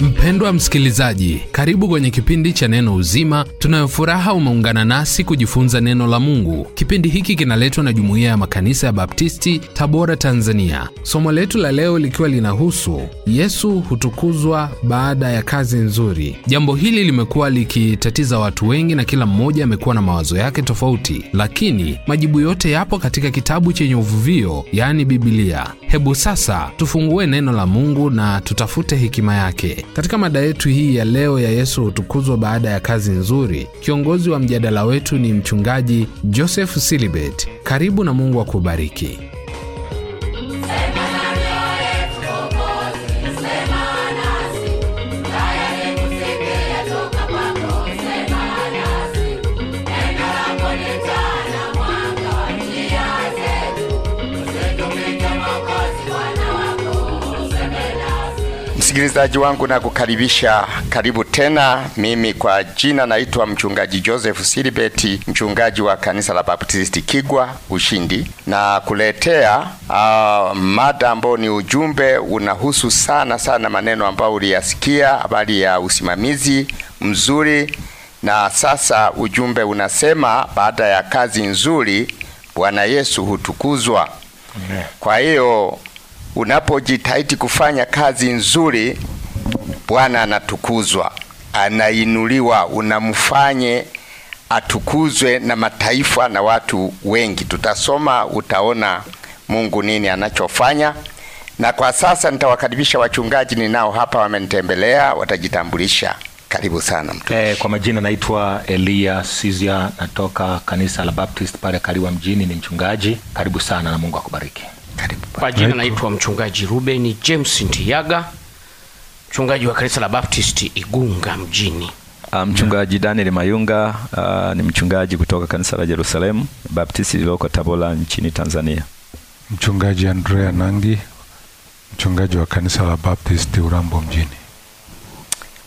Mpendwa msikilizaji, karibu kwenye kipindi cha Neno Uzima. Tunayofuraha umeungana nasi kujifunza neno la Mungu. Kipindi hiki kinaletwa na Jumuiya ya Makanisa ya Baptisti, Tabora, Tanzania. Somo letu la leo likiwa linahusu Yesu hutukuzwa baada ya kazi nzuri. Jambo hili limekuwa likitatiza watu wengi na kila mmoja amekuwa na mawazo yake tofauti, lakini majibu yote yapo katika kitabu chenye uvuvio, yani bibilia Hebu sasa tufungue neno la Mungu na tutafute hekima yake katika mada yetu hii ya leo ya Yesu hutukuzwa baada ya kazi nzuri. Kiongozi wa mjadala wetu ni Mchungaji Joseph Silibet. Karibu na Mungu akubariki. msikilizaji wangu na kukaribisha, karibu tena. Mimi kwa jina naitwa mchungaji Joseph Silibeti, mchungaji wa kanisa la Baptisti Kigwa Ushindi, na kuletea uh, mada ambayo ni ujumbe unahusu sana sana maneno ambayo uliyasikia habari ya usimamizi mzuri, na sasa ujumbe unasema baada ya kazi nzuri Bwana Yesu hutukuzwa. Kwa hiyo Unapojitahidi kufanya kazi nzuri, Bwana anatukuzwa, anainuliwa, unamfanye atukuzwe na mataifa na watu wengi. Tutasoma, utaona Mungu nini anachofanya. Na kwa sasa nitawakaribisha wachungaji ninao hapa, wamenitembelea, watajitambulisha. Karibu sana mtu. Eh, kwa majina naitwa Elia Sizia, natoka kanisa la Baptist pale Kaliwa mjini, ni mchungaji. Karibu sana na Mungu akubariki. Kwa jina naitwa mchungaji Ruben James Ntiyaga, mchungaji wa kanisa la Baptist Igunga mjini. Ah, mchungaji Daniel Mayunga, uh, ni mchungaji kutoka kanisa la Jerusalem Baptist lililoko Tabora nchini Tanzania. Mchungaji Andrea Nangi, mchungaji wa kanisa la Baptist Urambo mjini.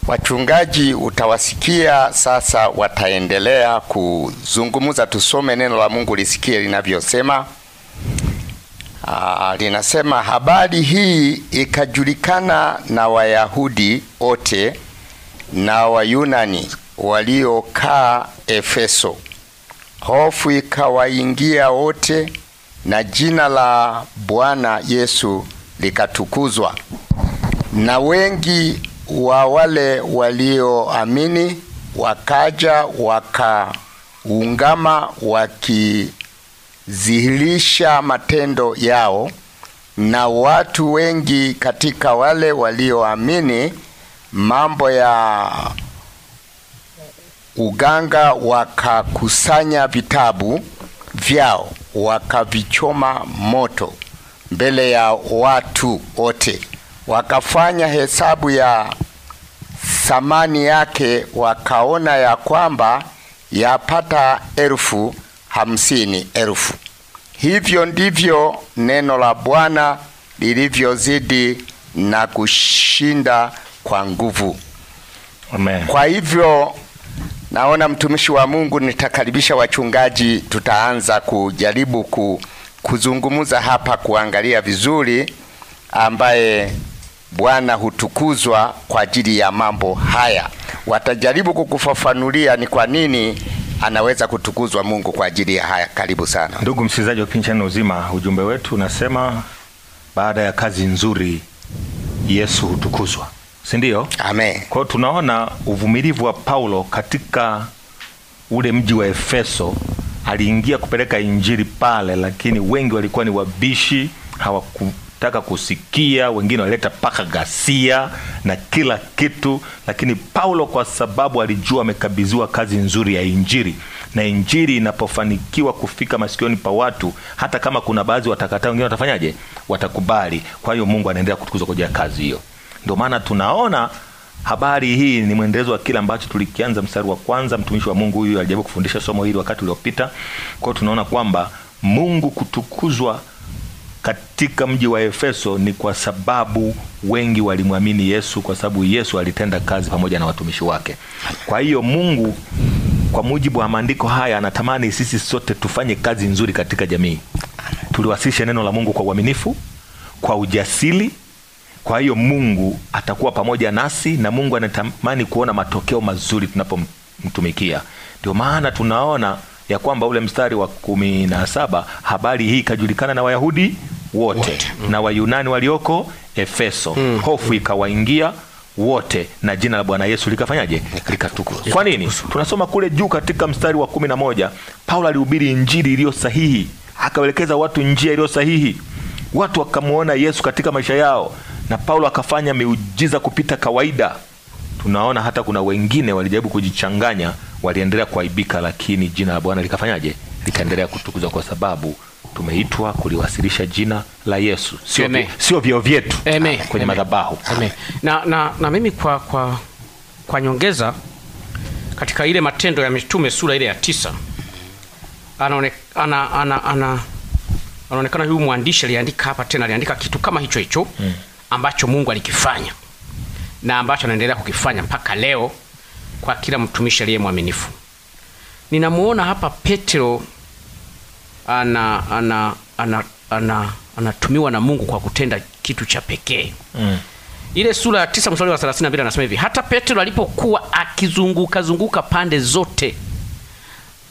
Wachungaji utawasikia sasa, wataendelea kuzungumza. Tusome neno la Mungu lisikie linavyosema. Aa, ah, linasema habari hii ikajulikana na Wayahudi wote na Wayunani waliokaa Efeso. Hofu ikawaingia wote na jina la Bwana Yesu likatukuzwa. Na wengi wa wale walioamini wakaja wakaungama waki zihirisha matendo yao, na watu wengi katika wale walioamini mambo ya uganga wakakusanya vitabu vyao wakavichoma moto mbele ya watu wote, wakafanya hesabu ya thamani yake, wakaona ya kwamba yapata elfu hamsini elfu. Hivyo ndivyo neno la Bwana lilivyozidi na kushinda kwa nguvu. Amen. Kwa hivyo naona mtumishi wa Mungu, nitakaribisha wachungaji, tutaanza kujaribu ku, kuzungumza hapa, kuangalia vizuri, ambaye Bwana hutukuzwa kwa ajili ya mambo haya. Watajaribu kukufafanulia ni kwa nini anaweza kutukuzwa Mungu kwa ajili ya haya. Karibu sana ndugu msikilizaji wa kipindi cha Uzima. Ujumbe wetu unasema baada ya kazi nzuri Yesu hutukuzwa, si ndio? Amen. Kwa tunaona uvumilivu wa Paulo katika ule mji wa Efeso. Aliingia kupeleka injili pale, lakini wengi walikuwa ni wabishi hawaku taka kusikia, wengine waleta mpaka ghasia na kila kitu, lakini Paulo kwa sababu alijua amekabidhiwa kazi nzuri ya Injili, na Injili inapofanikiwa kufika masikioni pa watu, hata kama kuna baadhi watakataa, wengine watafanyaje? Watakubali. Kwa hiyo Mungu anaendelea kutukuzwa kwa ajili ya kazi hiyo. Ndio maana tunaona habari hii ni mwendelezo wa kile ambacho tulikianza mstari wa kwanza. Mtumishi wa Mungu huyu alijaribu kufundisha somo hili wakati uliopita. Kwa hiyo tunaona kwamba Mungu kutukuzwa katika mji wa Efeso ni kwa sababu wengi walimwamini Yesu, kwa sababu Yesu alitenda kazi pamoja na watumishi wake. Kwa hiyo Mungu kwa mujibu wa maandiko haya anatamani sisi sote tufanye kazi nzuri katika jamii, tuliwasilishe neno la Mungu kwa uaminifu, kwa ujasiri. Kwa hiyo Mungu atakuwa pamoja nasi, na Mungu anatamani kuona matokeo mazuri tunapomtumikia. Ndio maana tunaona ya kwamba ule mstari wa kumi na saba, habari hii ikajulikana na Wayahudi wote, Mm. na Wayunani walioko Efeso mm. hofu ikawaingia wote na jina la Bwana Yesu likafanyaje? Likatukuzwa. Kwa nini? Tunasoma kule juu katika mstari wa kumi na moja Paulo alihubiri injili iliyo sahihi, akawelekeza watu njia iliyo sahihi, watu wakamwona Yesu katika maisha yao, na Paulo akafanya miujiza kupita kawaida. Tunaona hata kuna wengine walijaribu kujichanganya, waliendelea kuaibika, lakini jina la Bwana likafanyaje? Likaendelea kutukuzwa kwa sababu tumeitwa kuliwasilisha jina la Yesu, sio sio vyo vyetu kwenye madhabahu. Na, na, na mimi kwa, kwa, kwa nyongeza katika ile Matendo ya Mitume sura ile ya tisa anaonekana ana, ana, ana, huyu mwandishi aliandika hapa tena, aliandika kitu kama hicho hicho hmm, ambacho Mungu alikifanya na ambacho anaendelea kukifanya mpaka leo kwa kila mtumishi aliye mwaminifu. Ninamuona hapa Petro ana ana ana ana anatumiwa na Mungu kwa kutenda kitu cha pekee mm. Ile sura ya tisa mstari wa 32 anasema hivi, hata Petro alipokuwa akizunguka zunguka pande zote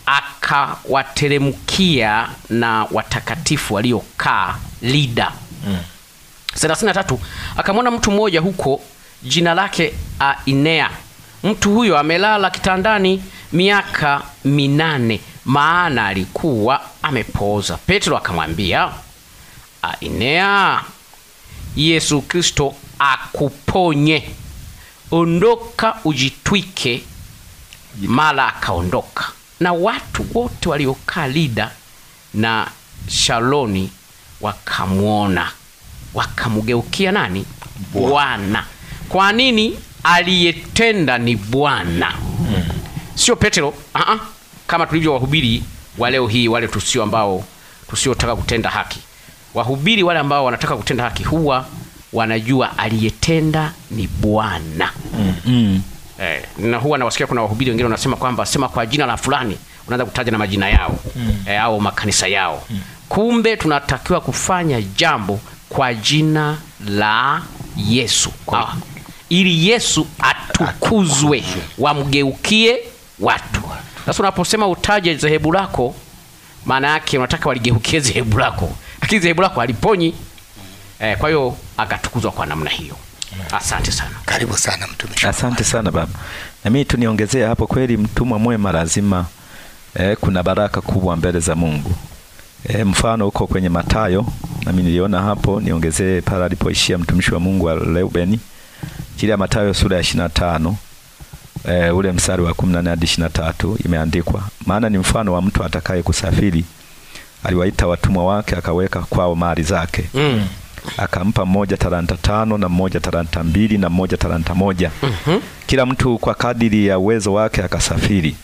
akawateremkia na watakatifu waliokaa Lida. mm. 33 akamwona mtu mmoja huko jina lake Ainea. Mtu huyo amelala kitandani miaka minane, maana alikuwa amepooza. Petro akamwambia Ainea, ah, Yesu Kristo akuponye, ondoka ujitwike. Mara akaondoka, na watu wote waliokaa Lida na Shaloni wakamwona, wakamgeukia nani? Bwana. Kwa nini? Aliyetenda ni Bwana, hmm. sio Petro. uh -uh. Kama tulivyowahubiri wa leo hii, wale tusio ambao tusiotaka kutenda haki. Wahubiri wale ambao wanataka kutenda haki huwa wanajua aliyetenda ni Bwana mm. -hmm. Eh, na huwa nawasikia kuna wahubiri wengine wanasema kwamba sema kwa jina la fulani, unaanza kutaja na majina yao mm. eh, au makanisa yao mm. Kumbe tunatakiwa kufanya jambo kwa jina la Yesu kwa, ah, ili Yesu atukuzwe, wamgeukie watu sasa unaposema utaje dhehebu lako, maana yake unataka waligeukie dhehebu lako, lakini dhehebu lako haliponyi. Eh, kwa hiyo akatukuzwa kwa namna hiyo. Asante sana, karibu sana mtumishi. Asante sana baba, na mimi tuniongezea hapo. Kweli mtumwa mwema lazima eh, kuna baraka kubwa mbele za Mungu. E, mfano huko kwenye Matayo na mimi niliona hapo, niongezee pale alipoishia mtumishi wa Mungu wa Leubeni, kile ya Matayo sura ya ishirini na tano e, ule mstari wa 14 hadi 23 imeandikwa, maana ni mfano wa mtu atakaye kusafiri, aliwaita watumwa wake akaweka kwao mali zake mm. Akampa mmoja talanta tano na mmoja talanta mbili na mmoja talanta moja mm -hmm. Kila mtu kwa kadiri ya uwezo wake akasafiri.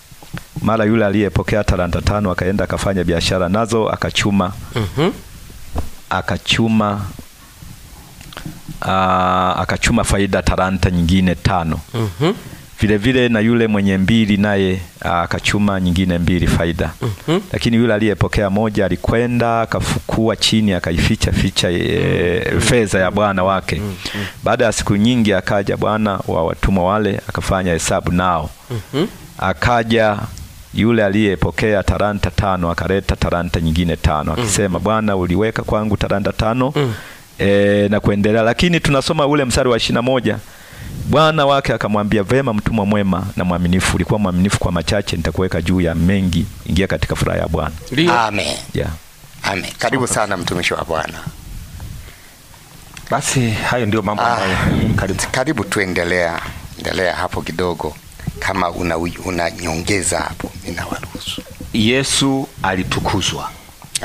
Mara yule aliyepokea talanta tano akaenda akafanya biashara nazo akachuma mm -hmm. akachuma ah, akachuma faida talanta nyingine tano mm -hmm vile vile na yule mwenye mbili naye ah, akachuma nyingine mbili faida. mm -hmm. Lakini yule aliyepokea moja alikwenda akafukua chini akaificha ficha e, mm -hmm. fedha ya bwana wake. mm -hmm. Baada ya siku nyingi akaja bwana wa watumwa wale akafanya hesabu nao. mm -hmm. Akaja yule aliyepokea talanta tano akaleta talanta nyingine tano mhm. akisema, mm -hmm. Bwana, uliweka kwangu talanta tano mm -hmm. e, na kuendelea. Lakini tunasoma ule mstari wa ishirini na moja Bwana wake akamwambia, vema, mtumwa mwema na mwaminifu, ulikuwa mwaminifu kwa machache, nitakuweka juu ya mengi, ingia katika furaha ya Bwana. Amen. Yeah. Amen. Karibu sana mtumishi wa Bwana. Basi hayo ndio mambo Ah, karibu, karibu tuendelea, endelea hapo kidogo, kama una, una hapo, ninawaruhusu. Yesu alitukuzwa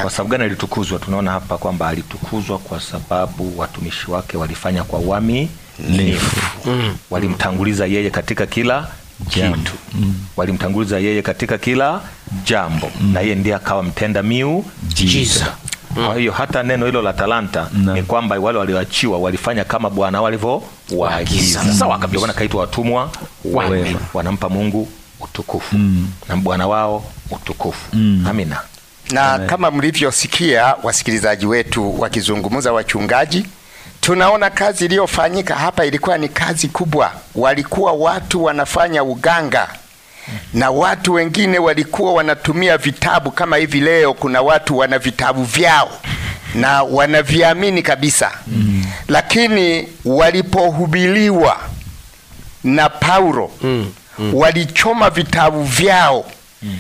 kwa sababu gani alitukuzwa? Tunaona hapa kwamba alitukuzwa kwa sababu watumishi wake walifanya kwa uaminifu refu. Mm. Walimtanguliza yeye katika kila kitu mm. Walimtanguliza yeye katika kila jambo mm. na yeye ndiye akawa mtenda miu Jiza. Mm. Kwa hiyo hata neno hilo la talanta no. ni kwamba wale walioachiwa walifanya kama Bwana walivyowaagiza. wakabia Bwana kaitwa watumwa wema, wanampa Mungu utukufu mm. na Bwana wao utukufu mm. Amina. Na Amen. Kama mlivyosikia wasikilizaji wetu wakizungumza wachungaji Tunaona kazi iliyofanyika hapa ilikuwa ni kazi kubwa. Walikuwa watu wanafanya uganga na watu wengine walikuwa wanatumia vitabu kama hivi leo. Kuna watu wana vitabu vyao na wanaviamini kabisa mm. Lakini walipohubiliwa na Paulo mm. Mm. walichoma vitabu vyao mm.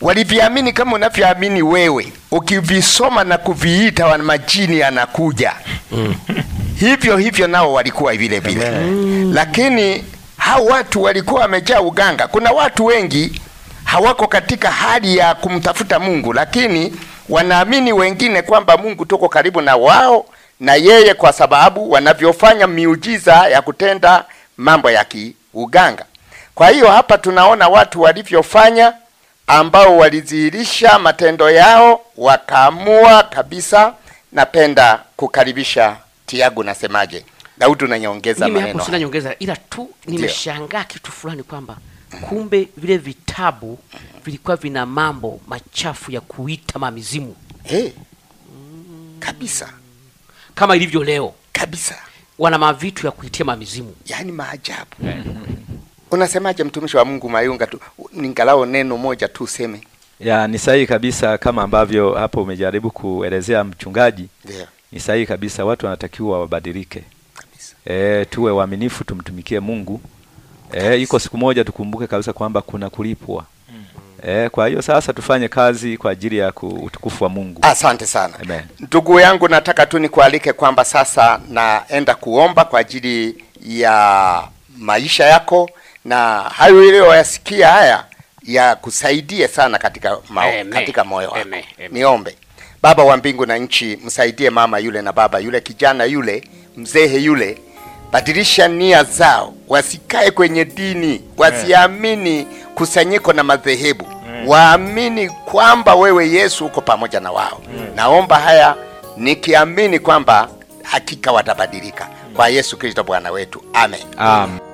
Waliviamini kama unavyoamini wewe, ukivisoma na kuviita, majini yanakuja mm hivyo hivyo nao walikuwa vile vile, mm. lakini hao watu walikuwa wamejaa uganga. Kuna watu wengi hawako katika hali ya kumtafuta Mungu, lakini wanaamini wengine kwamba Mungu tuko karibu na wao na yeye, kwa sababu wanavyofanya miujiza ya kutenda mambo ya kiuganga. Kwa hiyo hapa tunaona watu walivyofanya, ambao walidhihirisha matendo yao, wakaamua kabisa, napenda kukaribisha Tiago, nasemaje au tunanyongeza maneno? Sina nyongeza, ila tu nimeshangaa kitu fulani kwamba kumbe vile vitabu vilikuwa vina mambo machafu ya kuita mamizimu. Hey, eh. kabisa kama ilivyo leo kabisa, wana mavitu ya kuitia mamizimu, yaani maajabu. Unasemaje mtumishi wa Mungu Mayunga, tu ningalao neno moja tu useme? Ya, ni sahihi kabisa kama ambavyo hapo umejaribu kuelezea mchungaji. yeah ni sahihi kabisa, watu wanatakiwa wabadilike. E, tuwe waaminifu, tumtumikie Mungu. E, iko siku moja tukumbuke kabisa kwamba kuna kulipwa. Mm. E, kwa hiyo sasa tufanye kazi kwa ajili ya utukufu wa Mungu. Asante sana ndugu yangu, nataka tu nikualike kwamba sasa naenda kuomba kwa ajili ya maisha yako na hayo iliyoyasikia haya ya kusaidie sana katika, mao, katika moyo wako. Niombe. Baba wa mbingu na nchi, msaidie mama yule na baba yule, kijana yule, mzehe yule, badilisha nia zao, wasikae kwenye dini, wasiamini kusanyiko na madhehebu, mm. waamini kwamba wewe Yesu uko pamoja na wao. Mm. Naomba haya nikiamini kwamba hakika watabadilika kwa Yesu Kristo Bwana wetu, amen, amen.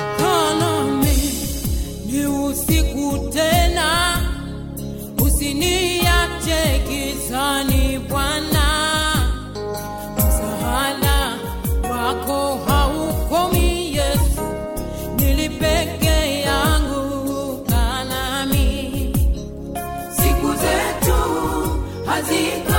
Brasil.